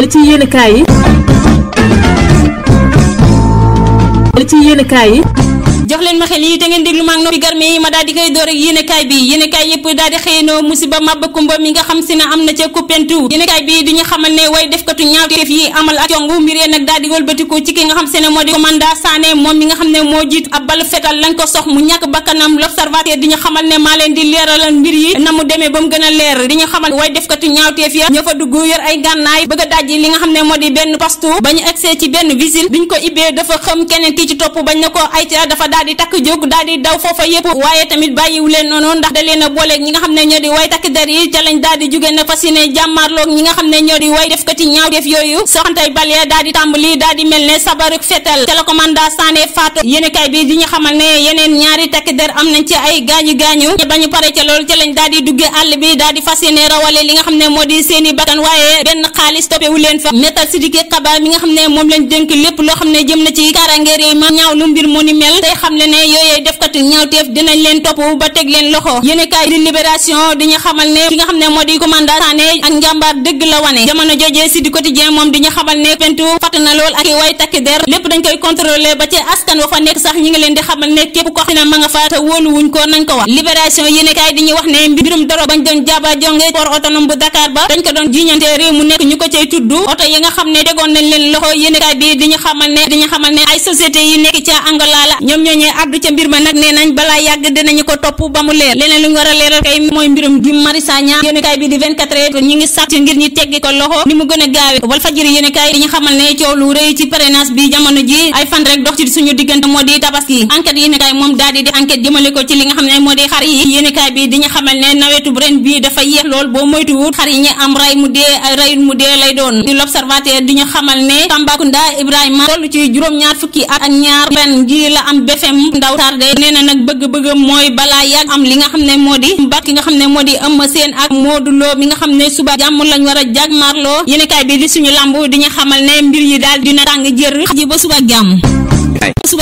li ci yéenekaay yi ci yéen kaay yi jox leen ma xel yi te ngeen déglu maag noppi garme yi ma daal di koy door ak yéenekaay bi yéenekaay yëpp daal di xëyanoo musiba mabba kumba mi nga xam si ne am na ca kuppentu yéenekaay bi di xamal ne way defkatu ñaawteef yi amal ak jongu mbir nag daal wëlbatiku ci ki nga xam si ne moo di commanda Sané moom mi nga xam ne moo jiitu ab fetal lañ ko sox mu ñàkk bakkanam l'observateur di xamal ne maa leen di leeralal mbir yi a topp bañ na ko Aïcha dafa daal takk jóg daal daw foofa yëpp waaye tamit bàyyiwu leen noonu ndax da leen a ñi nga xam ne ñoo di way takk der yi ca lañ daal di xam ne ñoo di way def kati ñaaw def yooyu soxantay bal ya daal di tàmbali daal di mel ne sabaruk fetal ca la commanda Sané di ñu xamal ne ca loolu ca lañ daal di àll bi daal di fas li nga xam ne moo leen fa lépp loo xam ne jëm na ci kaaraange réew ma ñaawlu mbir mu ni mel tey xam ne ne yooyee defkati ñaawteef dinañ leen topp ba teg leen loxo yéenekaay di libération di ñu xamal ne ki nga xam ne moo di commandant Sané ak njàmbar dëgg la wane jamono jojee si di ko quotidien moom di ñu xamal ne pentu laqatu lool ak i way takki der lépp dañ koy contrôler ba ci askan wa fa nekk sax ñi ngi leen di xamal ne képp ko xam ne ma nañ leen loxo yéene bi di ñu xamal ne di ñu xamal ne ay société yi nekk ca Angola la ñoom ñooñee addu ca mbir ma nag nee nañ balaa yàgg dinañu ko topp ba mu leer leneen lu ñu war a leeral kay mooy mbirum Guy Marius Sagna yéene bi di 24 heures ñi ngi ngir ñi teggi ko loxo ni mu gën a gaawe Walfadjri yéene kaay di ñu coow lu rëy ci parrainage bi jamono ji ay fan rek dox ci suñu diggante moo di tabaski enquête yéeni kaay moom daal di def enquête jëmale ko ci li nga bi di ñu ne nawetu ren bi dafa yéex lool boo moytuwut xar am ñaar fukki at ak ñaar ren ji am befem ndaw tardé nee na nag bëgg-bëgg mooy balaa yàgg am li nga xam ne moo di mbat ki nga xam ne moo di ëmm seen ak Modou Lo mi nga xam ne suba jàmm lañ war a jàgmaarloo yéeni kaay bi di suñu lamb di ñu xamal ne mbir yi daal dina tàng jër xaj ba suba jàmm